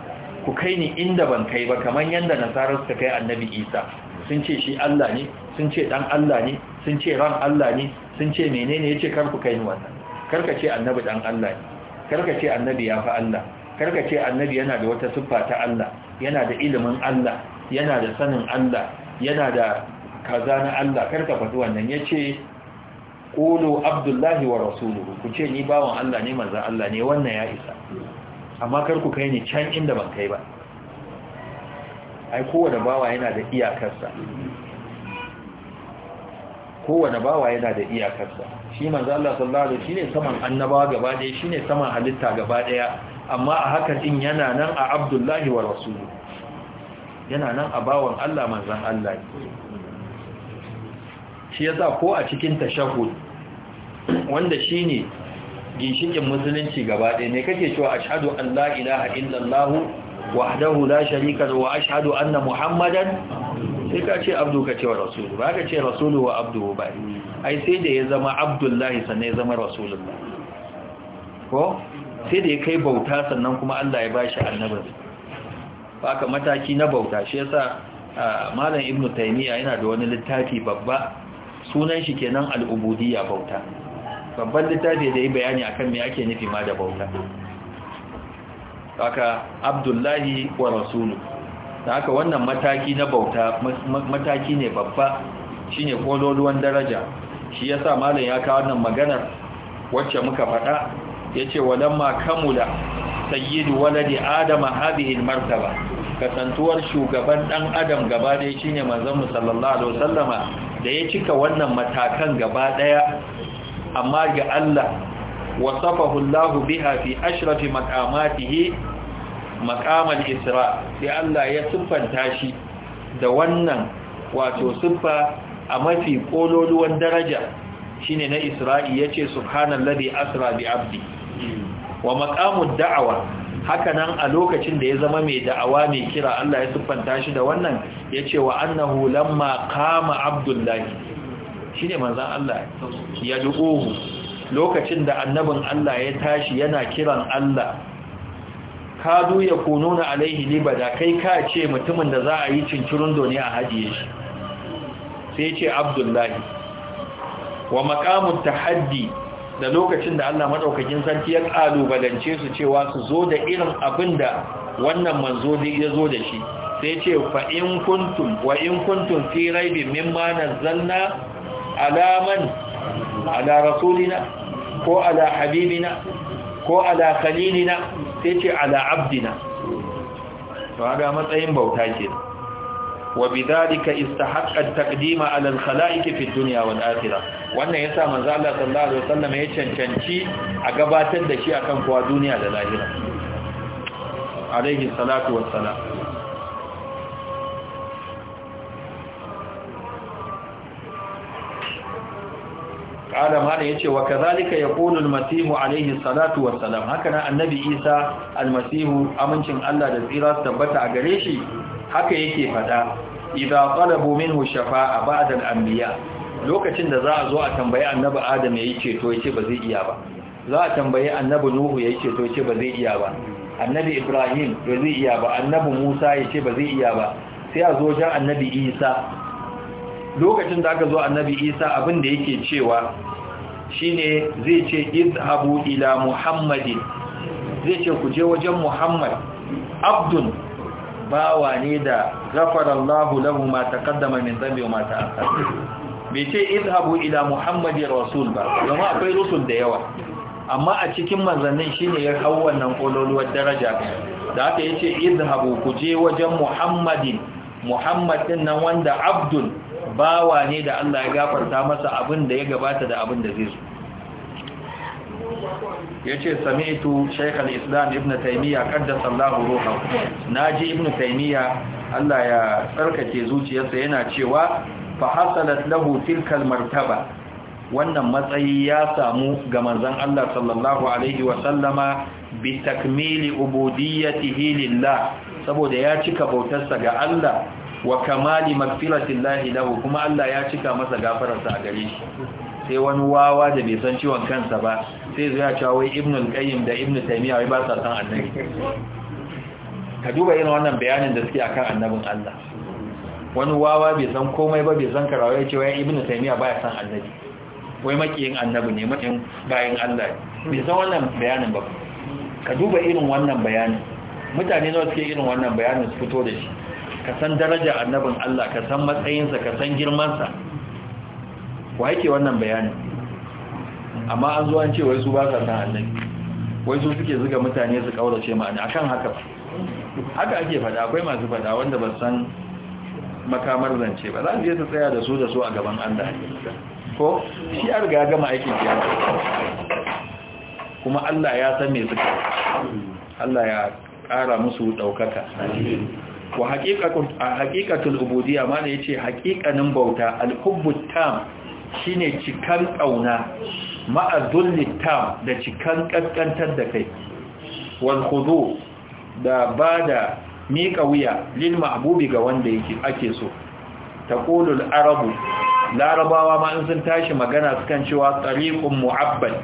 ku kai ni inda ban kai ba kamar yadda nasara suka kai annabi isa sun ce shi allah ne sun ce dan allah ne sun ce ran allah ne sun ce menene ya ce kar kai ni wannan karka ce annabi dan allah ne karka ce annabi ya fi allah karka ce annabi yana da wata siffa ta allah yana da ilimin allah yana da sanin allah yana da kaza na Allah karka faɗi wannan yace qulu abdullahi wa rasuluhu ku ce ni bawan Allah ne manzon Allah ne wannan ya isa amma kar ku kai ni can inda ban kai ba ai da bawa yana da iyakarsa da bawa yana da iyakarsa shi manzo Allah sallallahu alaihi shine saman annabawa gaba shi shine saman halitta gaba daya amma a hakan din yana nan a Abdullahi wa Rasuluhu, yana nan a bawan Allah manzon Allah shi yasa ko a cikin tashahud wanda shine ginshikin musulunci gaba ɗaya ne kake cewa ashhadu an la ilaha illallah wahdahu la sharika lahu wa ashhadu anna muhammadan sai ka ce abdu ka ce wa rasulu ba ka ce rasulu wa abdu ba ai sai da ya zama abdullahi sannan ya zama rasulullah ko sai da ya kai bauta sannan kuma Allah ya bashi annabin ka mataki na bauta shi yasa ah, malam ibnu Taimiyya yana da wani littafi babba sunan shi kenan al'ubudiyya bauta babban littafi da yi bayani akan me ake nufi ma da bauta aka abdullahi wa rasulu da haka wannan mataki na bauta mataki ne babba shine kodoluwan daraja shi yasa malam ya kawo wannan maganar wacce muka faɗa yace walamma kamula sayyidu waladi adama hadhihi martaba. kasantuwar shugaban dan adam gaba ɗaya shine manzon sallallahu alaihi wasallama da ya cika wannan matakan gaba ɗaya. amma ga Allah wasafahu Allah biha fi ashrafi maqamatihi maqamal isra sai Allah ya siffanta shi da wannan wato siffa a mafi kololuwan daraja shine na Isra'i yace subhanallazi asra bi abdi wa maqamud da'wa haka nan a lokacin da ya zama mai da'awa mai kira Allah ya siffanta shi da wannan ya ce wa annahu lamma kama abdullahi shi ne manzan Allah ya duƙohu lokacin da annabin Allah ya tashi yana kiran Allah kadu ya nuna alaihi libada kai ka ce mutumin da za a yi cincirin doni a hajiye shi sai ce abdullahi wa makamun tahaddi da lokacin da Allah madaukakin sarki ya kalubalance su cewa su zo da irin abin da wannan manzo ya zo da shi sai ce fa in kuntum wa in kuntum fi raibin mimma nazzalna ala man ala rasulina ko ala habibina ko ala khalilina sai ce ala abdina to ga matsayin bauta kenan وبذلك استحق التقديم على الخلائق في الدنيا والآخرة وأن yasa من Allah الله صلى الله عليه وسلم يشن gabatar da shi akan kowa duniya da lahira alaihi salatu قال ما يشي وكذلك يقول المسيح عليه الصلاة والسلام هكذا النبي إيسى المسيح أمنش الله لزيرا ثبت أغريشي haka yake fada idza talabu minhu shafa'a ba'da al-anbiya lokacin da za a zo a tambayi annabi adam yayi ceto yace ba zai iya ba za a tambayi annabi nuhu yayi ceto yace ba zai iya ba annabi ibrahim ba zai iya ba annabi musa yace ba zai iya ba sai a zo ga annabi isa lokacin da aka zo annabi isa abin da yake cewa shine zai ce idhabu ila muhammadin zai ce ku je wajen muhammad abdun bawa ne da "Gafarallahu lahu ma taqaddama min dhanbi wa ma ta'akhkhara bai ce idhabu ila muhammadin rasul ba kuma akwai rusul da yawa amma a cikin manzannin shine ya hau wannan kololuwar daraja da haka yace idhabu ku je wajen muhammadin muhammad nan wanda abdul bawa ne da Allah ya gafarta masa abin da ya gabata da abin da zai zo yace sami'tu shaykh al-islam ibnu taymiya qaddasa Allahu ruhahu naji ibn taymiya Allah ya tsarkake zuciyarsa yana cewa fa hasalat lahu tilka al-martaba wannan matsayi ya samu ga manzon Allah sallallahu alaihi wa sallama bi takmili ubudiyyatihi lillah saboda ya cika bautarsa ga Allah wa kamali magfiratillahi lahu kuma Allah ya cika masa gafararsa a gare shi sai wani wawa da bai san ciwon kansa ba sai zuwa cewa wai ibn al-qayyim da ibn taymiya wai ba sa san annabi ka duba irin wannan bayanin da suke akan annabin Allah wani wawa bai san komai ba bai san karawa ya ce wai ibn taymiya baya san annabi wai makiyin annabi ne makiyin bayin Allah bai san wannan bayanin ba ka duba irin wannan bayanin mutane nawa suke irin wannan bayanin su fito da shi ka san darajar annabin Allah ka san matsayinsa ka san girmansa wa yake wannan bayanin amma an zuwa an ce wai su ba sa san annabi wai su suke zuga mutane su kaurace ma a kan haka ba haka ake fada akwai masu fada wanda ba san makamar zance ba za su je su tsaya da su da su a gaban Allah ko shi ya riga gama aikin kiyama kuma Allah ya san me suka Allah ya kara musu ɗaukaka wa haƙiƙatul ubudiyya mana ne yace haqiqanin bauta al-hubbu tam shine cikan ƙauna ma'azun tam da cikan ƙanƙantar da kai wal khudu da bada miƙa wuya lil mahbubi ga wanda yake ake so taqulul arabu larabawa ma in sun tashi magana su kan cewa tariqun mu'abbad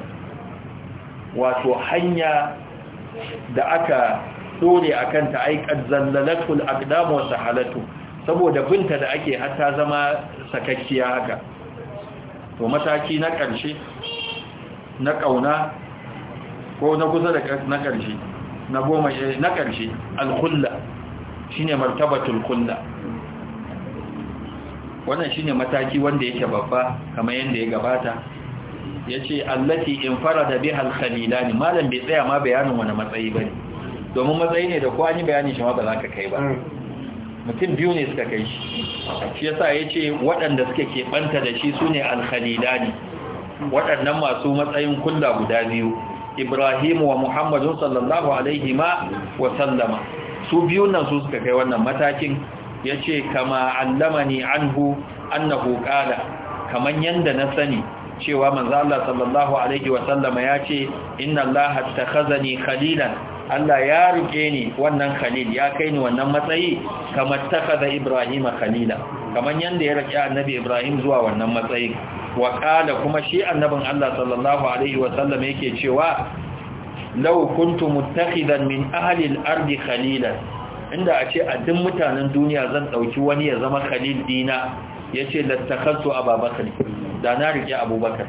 wato hanya da aka dole akan ta aikar zallalatul aqdam wa sahalatu saboda binta da ake hatta zama sakakkiya haka to mataki na ƙarshe na ƙauna ko na kusa da na ƙarshe na goma shi eh, na ƙarshe alkulla shi ne martabatul kulla wannan shi ne mataki wanda yake babba kamar yadda ya gabata ya ce allati in fara da bihal ne malam bai tsaya ma bayanin wani matsayi ba ne domin matsayi ne da kwani bayanin shi ma ba za ka kai ba mm. mutum biyu ne suka kai shi shi yasa ya ce waɗanda suke keɓanta da shi su ne ne waɗannan masu matsayin kulla guda biyu Ibrahimu wa Muhammadu sallallahu alaihi ma wa sallama su biyu nan su suka kai wannan matakin ya ce kama Allama allamani anhu annahu qala kaman yanda na sani cewa Manzala Allah sallallahu alaihi wa sallama ya ce inna Allah takhazani khalilan Allah ya rike ni wannan khalil ya kai ni wannan matsayi kamar takaza Ibrahim khalila kamar yanda ya rike annabi Ibrahim zuwa wannan matsayi wa qala kuma shi annabin Allah sallallahu alaihi wa sallam yake cewa law kuntu muttakhidan min ahli al-ardi khalila inda a ce a duk mutanen duniya zan dauki wani ya zama khalil dina yace lattakhasu ababakar da na rike abubakar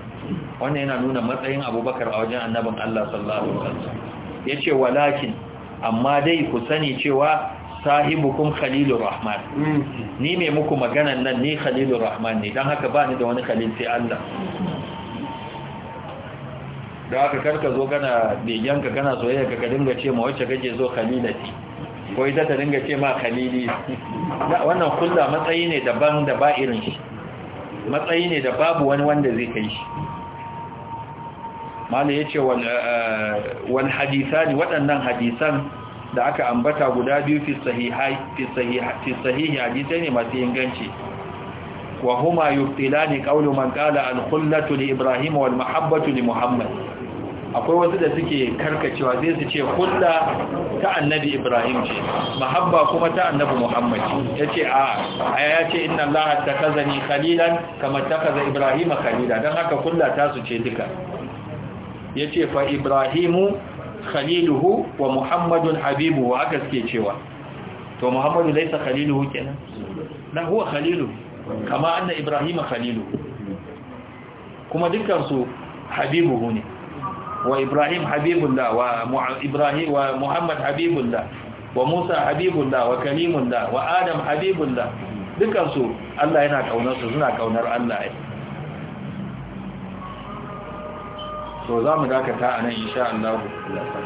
wannan yana nuna matsayin abubakar a wajen annabin Allah sallallahu alaihi ya ce walakin amma dai ku sani cewa kun khalilur rahman mm. ni mai muku maganan nan ni khalilur rahman ne don haka ba ni da wani khalil sai Allah da haka karka zo gana begenka gana soyayya ka dinga ce ma wacce kake zo khalilati ko ita ta dinga ce ma khalili wannan kulla matsayi ne daban da ba irin shi matsayi ne da babu wani wanda zai kai shi mana ya ce wani eh, hadisa ne waɗannan hadisan da aka ambata guda biyu fi sahihi hadisai ne masu inganci wa huma yuftila ne ƙaunar man ƙala alhullatu ne ibrahim wal mahabbatu ne muhammad akwai wasu da suke karkacewa zai su ce hulla ta annabi ibrahim ce mahabba kuma ta annabi muhammad ya ce a ya ce inna allaha ta kaza ni khalilan kamar ta kaza ibrahim khalila don haka hulla ta su ce duka ya ce fa ibrahimu khaliluhu wa muhammadun habibu wa aka suke cewa to muhammadu laisa khaliluhu kenan na huwa khaliluhu kama anna ibrahima khaliluhu kuma dukkansu habibuhu ne wa ibrahim habibullah wa ibrahim wa muhammad habibullah wa musa habibullah wa kalimullah wa adam habibullah dukkansu Allah yana kaunar su suna kaunar Allah ai to za mu dakata a nan insha Allah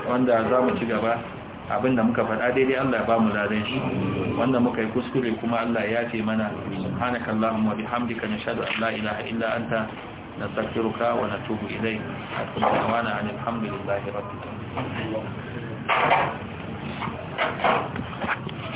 wanda za mu ci gaba abin da muka faɗa daidai Allah ya ba mu ladan shi wanda muka yi kuskure kuma Allah ya ce mana subhanaka allahumma bihamdika nashhadu an la ilaha illa anta nastaghfiruka wa natubu ilayk subhana alhamdulillahi rabbil alamin